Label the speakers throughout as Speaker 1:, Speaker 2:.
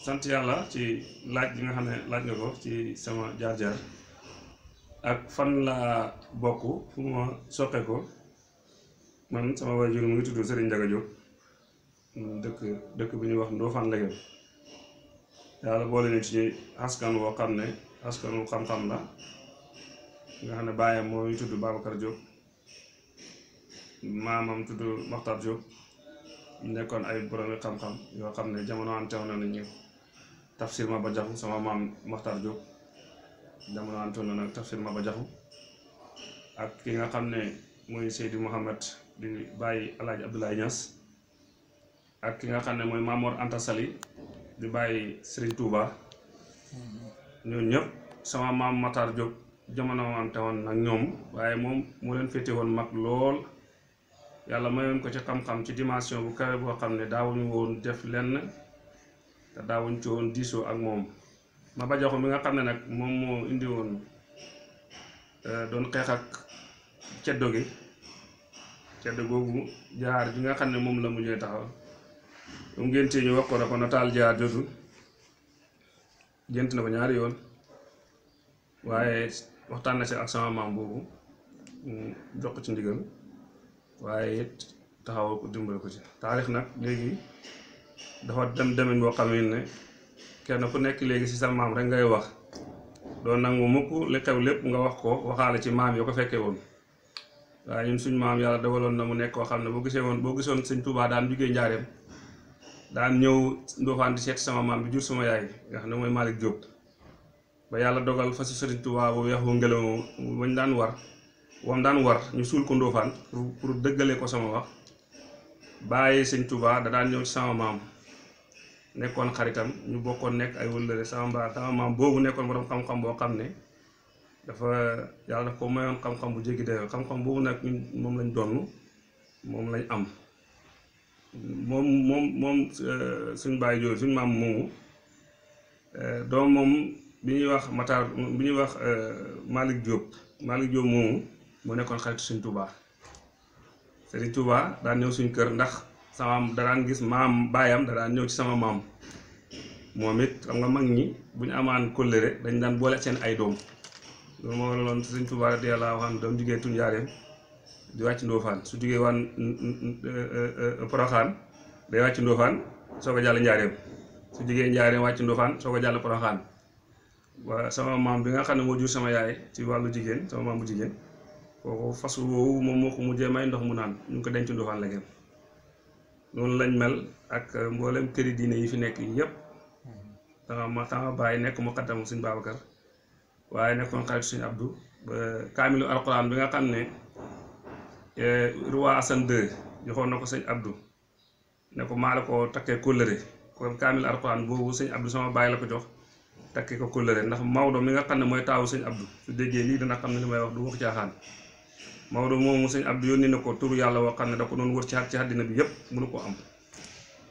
Speaker 1: sant yàlla ci laaj bi nga xam ne laaj nga ko ci sama jaar-jaar ak fan laa bokk fu ma soqe ko man sama waajur mu ngi tudd Serigne Ndiaga Diop dëkk dëkk bi ñuy wax Ndofane Legeem yàlla boole ñu ci askan woo xam ne askan wu xam-xam la nga xam ne baayam moo ngi tudd Babacar Diop maamam tudd Makhtar Diop nekkoon ay boromi xam-xam yoo xam ne jamono am teew na ñu tafsir ba Jaxu sama maam Maxtar Jóob jamono antoon nag tafsir Maba Jaxu ak ki nga xam ne mooy Seydi Mouhamed di bàyyi Alaaji Abdoulaye Niass ak ki nga xam ne mooy Mamor Anta Sali di bàyyi Serigne Touba ñooñu ñëpp sama maam Maxtar Jóob jamono wante nag ñoom waaye moom moo leen féete woon mag lool yàlla mayoon ko ci xam-xam ci dimension bu kawe boo xam ne daawuñu woon def lenn te daawuñ ci woon diisoo ak moom ma Maba Jaxu mi nga xam ne nag moom moo indi woon eh, doon xeex ak ceddo gi ceddo googu jaar bi nga xam ne moom la mujjee taxaw bu ngénte ñu wax ko na nataal jaar jotu gént na ko ñaari yoon waaye waxtaan na si ak sama maam boobu jox ko ci ndigal waaye taxaw ko dimbali ko ci taarix nag léegi dafa dem demin boo xam ne kenn ku nekk léegi ci sa maam rek ngay wax doo nangu mukk li xew lépp nga wax ko waxaale ci maam yoo ko fekkee woon waaye ñu suñ maam yàlla dawaloon na mu nekk koo xam ne boo gisee woon boo gisoon sëñ Tuubaa daan jugee njaareem daan ñëw Ndofane di seet sama maam bi jur sama yaay nga xam ne mooy Malick Diop ba yàlla dogal fa si sëriñ Tuubaa bu weex bu ngelaw bañ daan war wam daan war ñu suul ko Ndofane pour dëggale ko sama bàyyi suñ tubaa da daal ñëw ci sama maam nekkoon xaritam ñu bokkoon nekk ay wëllëre sama ba sama maam boobu nekkoon borom xam-xam boo xam ne dafa yàlla ko mayoon xam-xam bu jéggi dayoo xam-xam boobu nag ñun moom lañ donn moom lañ am moom moom moom euh, suñ bàyyi jooju suñ maam euh, moom bi ñuy wax Matar bi ñuy wax euh, Malick Diop Malick Diop moomu mu nekkoon xaritu sëñ Touba. Serigne Touba daan ñëw suñu kër ndax sama daraan gis maam baayam da daan ñëw ci sama maam moom it xam nga mag ñi bu amaan kóllëre dañ daan boole seen ay doom loolu moo waraloon Serigne Touba radiyallahu doom jugee Tunjaareem di wàcc Ndofane su jugee waan e, e, e, Poroxaan day wàcc Ndofane soo ko jàll Njaareem su jugee Njaareem wàcc Ndofane soo ko jàll Poroxaan waa sama maam bi nga xam ne moo jur sama yaay ci wàllu jigéen sama maam bu jigéen. kooku fas woowu moom moo ko mujjee may ndox mu naan ñu ngi ko denc Ndofane la gem noonu lañ mel ak euh, mboolem këri diine yi fi nekk yëpp dama ma bàyyi nekk mu xattamu suñ Babacar waaye nekkoon xarit suñu Abdou ba kaamilu alquran bi nga xam ne euh, roi Assane II joxoon na ko sëñ Abdou ne ko maa ko takkee kóllëre kon kaamilu alquran boobu sëñ Abdou sama bàyyi la ko jox takkee ko kóllëre ndax Maodo mi nga xam ne mooy taawu sëñ Abdou su déggee lii dana xam ne li may wax du wax Maodo moomu sëñ Abdou yónni na ko turu yàlla woo xam ne da ko doon wër ci ci àddina bi yëpp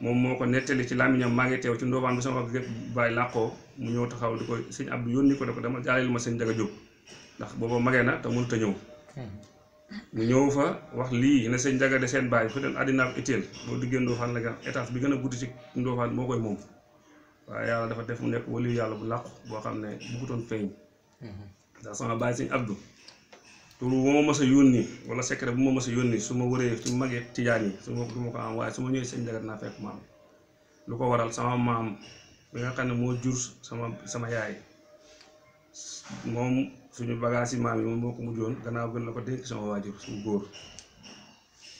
Speaker 1: moom moo ko nettali ci làmmiñam maa ngi teew ci ndoofaan bi sama wax yëpp bàyyi làqoo mu ñëw taxaw di ko sëñ Abdou yónni ko da ko dama jaaleel ma sëñ Njaga Jóob ndax booba magee na te mënut a ñëw mu ñëw fa wax lii ne sëñ Njaga de seen bàyyi fi doon àddina ak itteel boo diggee ndoofaan la nga étage bi gën a guddi ci moo koy moom waaye yàlla dafa def mu nekk waliyu yàlla bu làqu boo xam ne bëggutoon feeñ mhm. ndax sama bàyyi sëñ Abdou tur bu ma mës a yónni wala secret bu ma mës a yónni su ma wëree su ma magee tijaan yi su ma du ma ko am waaye su ma ñëwee sëñ Njaga naa fekk maam lu ko waral sama maam bi nga xam ne moo jur sama sama yaay moom suñu bagage yi maam yi moom moo ko mujjoon gannaaw gën la ko dénk sama waajur suñu góor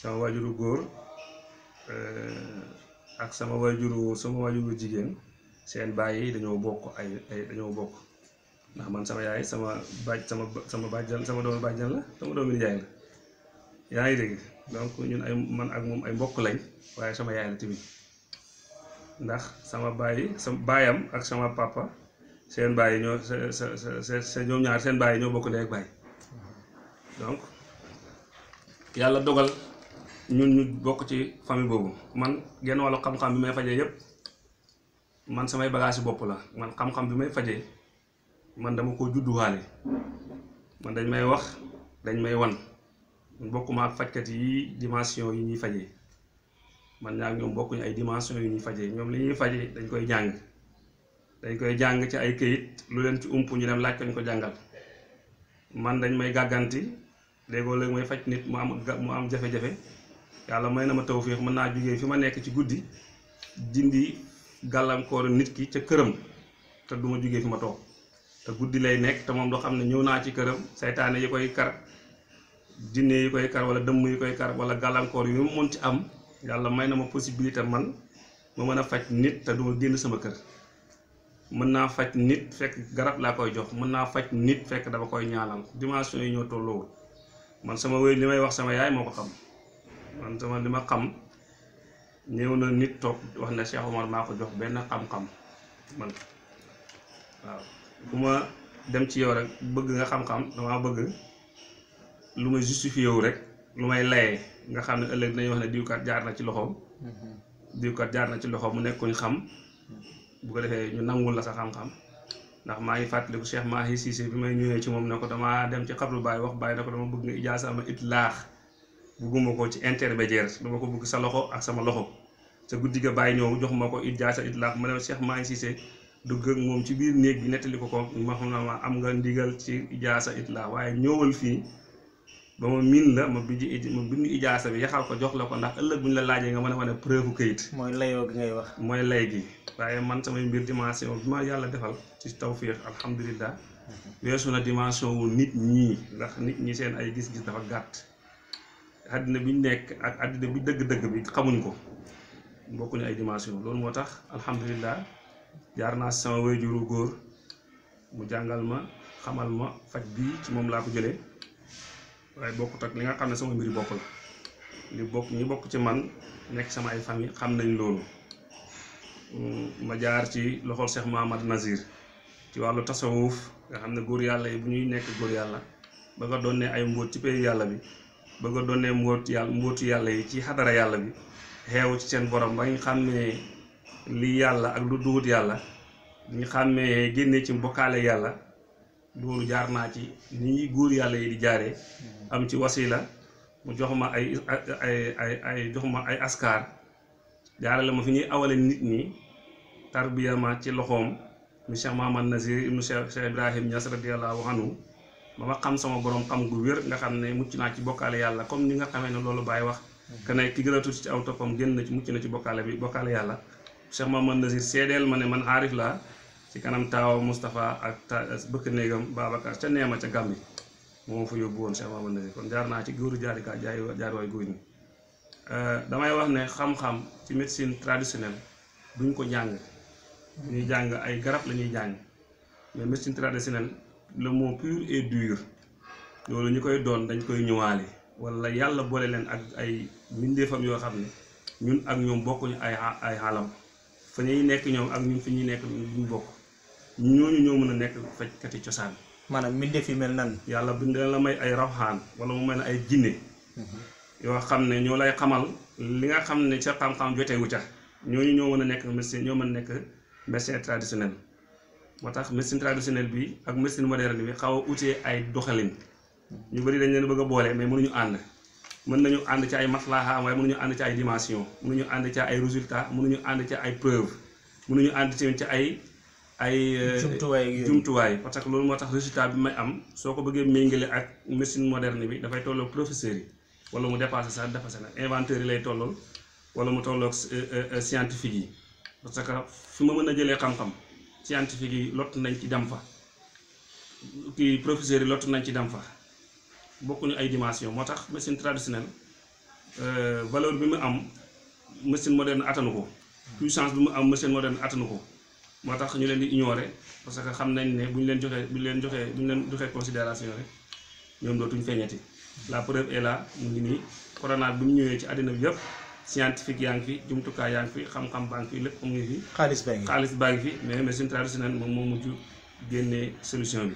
Speaker 1: sama waajuru góor eh, ak sama waajuru sama waajuru jigéen seen bàyyi dañoo bokk ay dañoo bokk ndax man sama yaay sama baaj sama sama bàjjan sama doomu bàjjan la sama doomu yaa ngi dégg donc ñun ay man ak moom ay mbokk waaye sama yaay ndax sama baay sama baayam ak sama papa seen baay ñoo se se ñaar seen baay ñoo bokk ndey ak baay donc yàlla dogal ñun ñu bokk ci famille boobu man genn wàllu xam-xam bi may fajee yëpp man samay bagage bopp la man xam-xam bi may fajee. man dama ko judduwaale man dañ may wax dañ may wan man bokkuma ak fajkat yi dimension yi ñuy fajee man ñaa ñoom bokkuñu ay dimension yi ñuy fajee ñoom li ñuy fajee dañ koy jàng dañ koy jàng ci ay kayit lu leen ci ump ñu dem laaj koñ ko jàngal man dañ may gàgganti léegoo léegi may faj nit mu am mu am jafe-jafe yàlla may na ma tawféex mën naa jógee fi ma nekk ci guddi dindi gàllankooru nit ki ca këram te du ma jógee fi ma toog te guddi lay nekk te moom doo xam ne ñëw naa ci këram seytaane yi koy kar jinne yi koy kar wala dëmm yi koy kar wala gàllankoor yu mu mën ci am yàlla may na ma possibilité man ma mën a faj nit te duma génn sama kër mën naa faj nit fekk garab laa koy jox mën naa faj nit fekk dama koy ñaanal dimension yi ñoo tolloowul man sama wéy li may wax sama yaay moo ko xam li ma xam ñëw na nit toog wax na Cheikh Omar maa ko jox benn xam-xam man waaw bu ma dem ci yow rek bëgg nga xam-xam damaa bëgg lu may justifié wu rek lu may layee nga xam ne ëllëg dinañuy wax ne diwkat jaar na ci loxoom mm-hmm. diwkat jaar na ci loxoom mu nekk kuñ xam bu ko defee ñu nangul la sa xam-xam ndax maa ngi fàttaliku Cheikh Mahi Cissé bi may ñëwee ci moom ne ko damaa dem ci xablu Baye wax bàyyi ne ko dama bëgg nga ijaasa ma it laax bugguma ko ci intermédiaire dama ko bugg sa loxo ak sama loxo sa guddi ga Baye ñëw jox ma ko ijaasa it laax ma ne Cheikh Mahi Cissé dugg ak moom ci biir néeg bi nettali ko ko ma xam ne ma am nga ndigal ci ijaasa it waaye ñëwal fii ba ma miin la ma bindi ma bindi ijaasa bi yaxal ko jox la ko ndax ëllëg bu ñu la laajee nga mën a wane preuve kayit. mooy layoo gi ngay wax. mooy lay gi waaye man samay mbir dimension bi ma yàlla defal ci tawfiix alhamdulilah mhm. weesu na dimension wu nit ñi ndax nit ñi seen ay gis-gis dafa gàtt. àddina bi ñu nekk ak àddina bi dëgg-dëgg bi xamuñ ko bokkuñu ay dimension loolu moo tax alhamdulilah. jaar naa sama wéyjuru góor mu jàngal ma xamal ma faj bii ci moom laa ko jëlee waaye bokkut ak li nga xam ne sama mbiri bopp la li bokk ñi bokk ci man nekk sama ay famille xam nañ loolu hmm, ma jaar ci loxol Cheikh Mohamad Nazir ci wàllu tasawuf nga xam ne góor yàlla yi bu ñuy nekk góor yàlla ba nga doon ne ay mbóot ci yàlla bi ba nga doon ne mbóot yàlla yi ci xadara yàlla bi xeewu ci seen borom ba nga xam lii yàlla ak lu dugut yàlla ñu xàmmee génne ci mbokkaale yàlla loolu jaar naa ci ni ñuy góor yàlla yi di jaaree am ci wasila mu jox ma ay ay ay jox ma ay askar jaarale ma fi ñuy awale nit ñi tarbiya ma ci loxoom mu Cheikh Mahamad Nazir ibnu Cheikh Cheikh Ibrahim Niass radiyallahu anhu ba ma xam sama borom xam gu wér nga xam ne mucc naa ci bokkaale yàlla comme ni nga xamee ne loolu bàyyi wax. que mm-hmm. ne a tuuti ci aw toppam génn na mucc na ci bokkaale bi bokkaale yàlla. Cheikh Mamadou Nasir seedeel ma ne man aarif laa ci kanam taawa Moustapha ak ta bëkk néegam Babacar ca neema ca Gàmbi moo fa yóbbu woon Cheikh Mamadou Nasir kon jaar naa ci góoru jaarika jaay jaar waay góor ñi euh, damay wax ne xam-xam ci médecine traditionnelle duñ ko jàng ñuy jàng ay garab lañuy ñuy jàng mais médecine traditionnelle le mot pur et dur loolu ñu koy doon dañ koy ñëwaale walla yàlla boole leen ak ay mbindeefam yoo xam ne ñun ak ñoom bokkuñu ay ay xalam fa ñuy nekk ñoom ak ñun fi ñuy nekk ñu bokk ñooñu ñoo mën a nekk fajkati cosaan. maanaam mbindeef yi mel nan. yàlla bu dina la may ay rawxaan wala mu mel ne ay jinne mhm. yoo xam ne ñoo lay xamal li nga xam ne sa xam-xam jotewu ca ñooñu ñoo mën a nekk médecine ñoo mën a nekk médecine traditionnel moo tax médecine traditionnelle bi ak médecine moderne bi xaw a utee ay doxalin mhm. ñu bëri dañ leen bëgg a boole mais mënuñu ànd. mën nañu ànd ci ay maslaha waaye mënuñu ànd ci ay dimension mënuñu ànd ci ay résultat mun mënuñu ànd ci ay preuve mënuñu ànd ci ci ay ay euh, jumtuwaay parce que loolu moo tax résultat bi may am soo ko bëggee méngale ak médecine moderne bi dafay tolloog professeurs yi wala mu dépassé sax dépassé na inventeurs yi lay tollool wala mu tolloog euh, euh, scientifique yi parce que fi ma mën a jëlee xam-xam scientifique yi lott nañ ci dem fa kii professeurs yi lott nañ ci dem bokku ñu ay dimension moo tax machine traditionnelle euh, valeur bi mu am machine moderne attanu ko puissance bi mu am machine moderne attanu ko moo tax ñu leen di ignorer parce que xam nañ ne bu ñu leen joxee bu ñu leen joxee bu leen joxee considération rek ñoom dootuñ feeñati la preuve et la mu ni nii corona bi mu ñëwee ci àddina bi yëpp scientifique yaa ngi fi jumtukaay yaa ngi fi xam-xam baa ngi fi lépp mu ngi fi. xaalis baa ngi fi xaalis baa ngi fi mais machine traditionnelle moom moo mujj génnee solution bi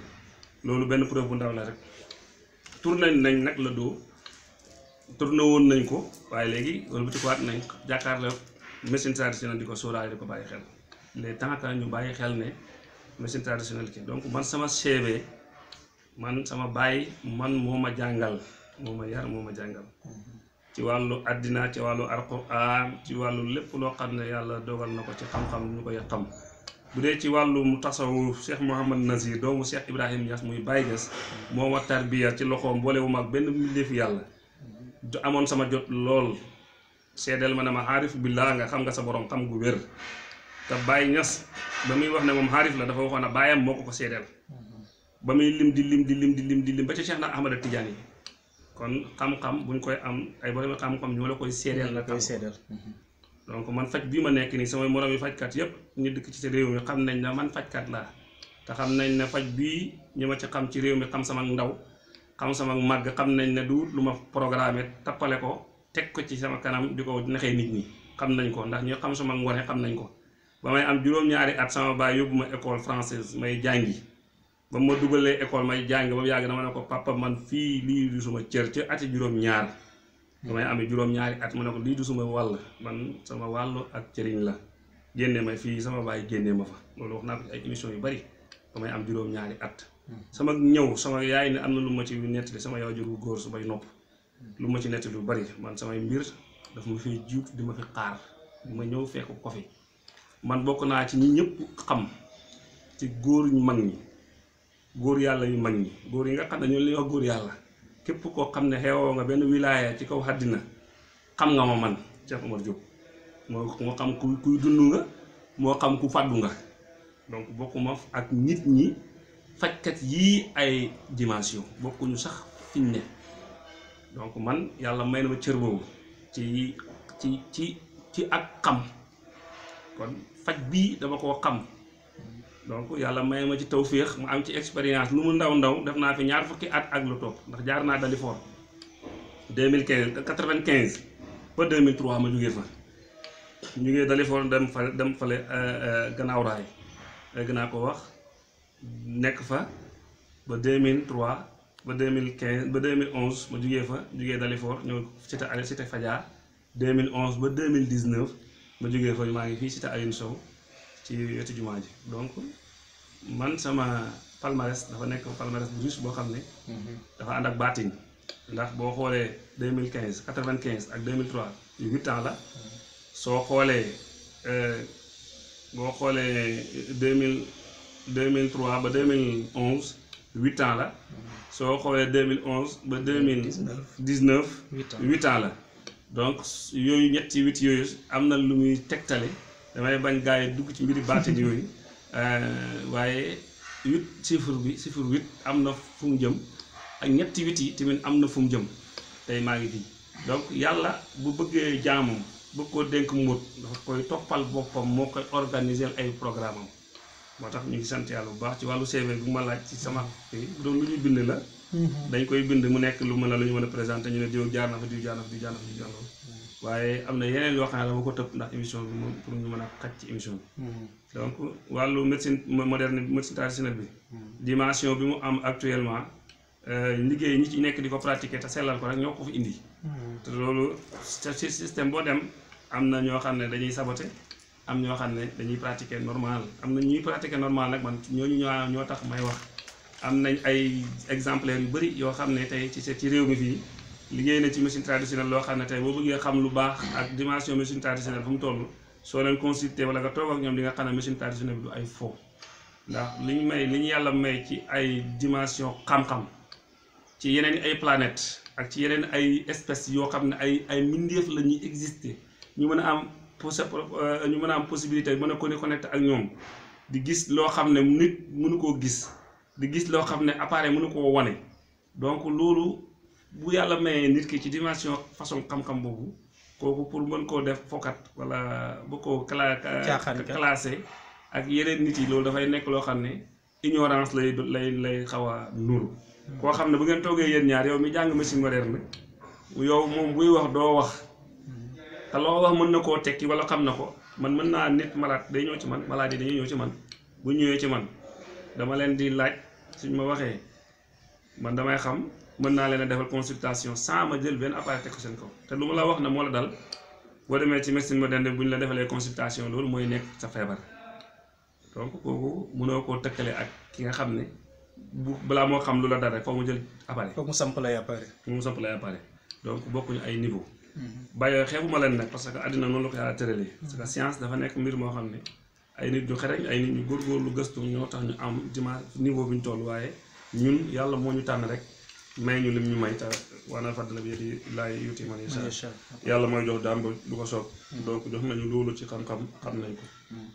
Speaker 1: loolu benn preuve bu ndaw la rek. tourné nañ nag la doo tourné woon nañ ko waaye léegi wëlbatikuwaat nañ jàkkaarloo médecine traditionnelle di ko sóoraale di ko bàyyi xel les temps que ñu bàyyi xel ne médecine traditionnelle ki donc man sama CV man sama baay man moo ma jàngal moo ma yar moo ma jàngal ci wàllu àddina ci wàllu alxuraan ci wàllu lépp loo xam ne yàlla dogal na ko ci xam-xam ñu koy xam bu dee ci wàllu wàllum tasawu Cheikh Mouhamad Nazir doomu Cheikh Ibrahim Niass muy Baye Niass moo ma tarbiya ci loxoom boolewu mag benn mbindeef yàlla du amoon sama jot lool seedeel ma ne ma xaarif billaa nga xam nga sa borom xam gu wér te Baye Niass ba muy wax ne moom xaarif la dafa waxoon ne baayam moo ko ko seedeel ba muy lim di lim di lim di lim di lim ba ci Cheikh na Ahmada Tidiane yi kon xam-xam buñ koy am ay borom xam-xam ñoo la koy seedeel la koy seedeel donc man faj bii ma nekk nii samay moroom yi fajkat yépp ñu dikk ci sa réew mi xam nañ ne man fajkat laa te xam nañ ne faj bii ñu ma ci xam ci réew mi xam sama ndaw xam sama màgg xam nañ ne du lu ma programmé tappale ko teg ko ci sama kanam di ko naxee nit ñi xam nañ ko ndax ñu xam sama ngone xam nañ ko ba may am juróom-ñaari at sama baay yóbbu ma école française may jàngi ba ma dugalee école may jàngi ba mu yàgg dama ne ko papa man fii lii du suma cër ci ati juróom-ñaar damay amee juróom-ñaari at ma na ko lii du suma wàll man sama wàll ak cëriñ la génne ma fii sama baay génne ma fa loolu wax naa ko ci ay émission yu bari damay am juróom-ñaari at. sama ñëw sama yaay ne am na lu ma ci nettali sama waajur wu góor su may nopp. lu ma ci nettali lu bari man samay mbir daf ma fiy jiitu di ma fi xaar di ma ñëw fekk kofi man bokk naa ci ñi ñëpp xam ci góor ñu mag ñi góor yàlla yu mag ñi góor yi nga xam ne ñoo li wax góor yàlla. képp koo xam ne xeewoo nga benn wilaya ci kaw àddina xam nga ma man Cheikh Omar Diop moo moo xam ku kuy dund nga moo xam ku fàddu nga donc bokkuma ak nit ñi fajkat yii ay dimension bokkuñu sax fiñ ne donc man yàlla may na ma cër boobu ci ci ci ci ak xam kon faj bii dama koo xam donc yàlla may ma ci tawféex mu am ci expérience lu mu ndaw ndaw def naa fi ñaar fukki at ak lu topp ndax jaar naa Dalifort 2015 95 ba 2003 ma jugee fa ñu ngi Dalifort dem fa dem fale euh, euh, gannaaw raay léegi naa ko wax nekk fa ba 2003 ba 2015 ba 2011 ma jugee fa jugee Dalifort ñëw cité Cité Fadia 2011 ba 2019 ma jugee fa maa ngi fii cité Alioune Sow ci wetu jumaa ji donc man sama palmarès dafa nekk palmarès bu riche boo xam ne. Mhm. dafa ànd ak baatin. ndax boo xoolee deux mille quinze quatre vingt quinze ak deux mille trois huit ans la mhm. soo xoolee euh, boo xoolee deux mille deux mille ba deux mille onze huit ans la mhm. soo xoolee deux mille onze ba deux mille dix neuf huit ans la donc yooyu ñetti huit yooyu am na lu muy tegtale. damay bañ gaa yi dugg ci mbiri baatin yooyu euh, waaye huit chiffre bi chiffre huit am na fu mu jëm ak ñetti huit yi tamit am na fu mu jëm tey maa ngi di donc yàlla bu bëggee jaamam bëgg koo denk mbóot dafa koy toppal boppam moo koy organiser ay programme am moo tax ñu ngi sant yàlla bu baax ci wàllu CV bi ma laaj ci sama bu doon lu ñuy bind la mhm. dañ koy bind mu nekk lu mën a lu ñu mën a présenté ñu ne diw jaar na fa diw jaar na fa diw jaar fa diw jaar na fa waaye am na yeneen yoo xam ne dama ko tëb ndax émission bi moom pour ñu mën a xaj ci émission bi. Hmm. donc wàllu médecine moderne médecine traditionnelle bi. Hmm. dimension bi mu am actuellement euh, liggéey ñi ci nekk di ko pratiquer te sellal ko rek ñoo ko fi indi. Hmm. te loolu ci système boo dem am na ñoo xam ne dañuy saboter am ñoo xam ne dañuy pratiquer normal am na ñuy pratiquer normal nag man ñooñu ñoo ñoo tax may wax am nañ ay exemplaires yu bari yoo xam ne tey ci ci réew mi fii. liggéey na ci machine traditionnelle loo xam ne tey boo bëggee xam lu baax ak dimension machine traditionnelle fu mu toll soo leen consulté wala nga toog ak ñoom di nga xam ne li ñu may li yàlla may ci ay dimension xam ci yeneen ay planète ak ci yeneen ay espèces yoo xam ne ay ay mbindeef la ñuy exister ñu mën a am euh, ñu mën a am possibilité mën a ko connecté ak ñoom di gis loo xam ne nit mënu koo gis di gis loo xam ne appareil mënu koo wane donc loolu. bu yàlla mayee nit ki ci dimension façon xam-xam boobu kooku pour mën koo def fokat wala bu ko cla classé ak yeneen nit yi loolu dafay nekk loo xam ne ignorance lay lay lay xaw a nuru koo xam ne bu ngeen toogee yéen ñaar yow mi jàng ma si machine moderne yow moom buy wax doo wax te loo wax mën na koo tekki wala xam na ko man mën naa nit malade day ñëw ci man malade yi dañuy ñëw ci man bu ñëwee ci man dama leen di laaj suñ ma waxee man damay xam mën naa leen a defal consultation saa ma jël benn appareil teg ko seen kaw te lu ma la wax ne moo la dal boo demee ci médecine moderne bu ñu la defalee consultation loolu mooy nekk sa feebar donc kooku mënoo ko tëkkale ak ki nga xam ne bu balaa moo xam lu la dal rek foo mu jël appareil. foo mu samp lay appareil. foo mu samp lay appareil donc bokkuñu ay niveau. Mm-hmm. bàyyi xeebuma leen nag parce que àddina noonu la ko yàlla mm-hmm. parce que science dafa nekk mbir moo xam ne ay nit ñu xereñ ay nit ñu góorgóorlu gëstu ñoo tax ñu am dimanche niveau bi ñu toll waaye ñun yàlla moo ñu tànn rek. may ñu lim ñu may ta waana fàddala bi yeti laay yuti man yàlla mooy jox daan du lu ko soob mm. donc jox nañu loolu ci xam-xam xam nañ ko mm.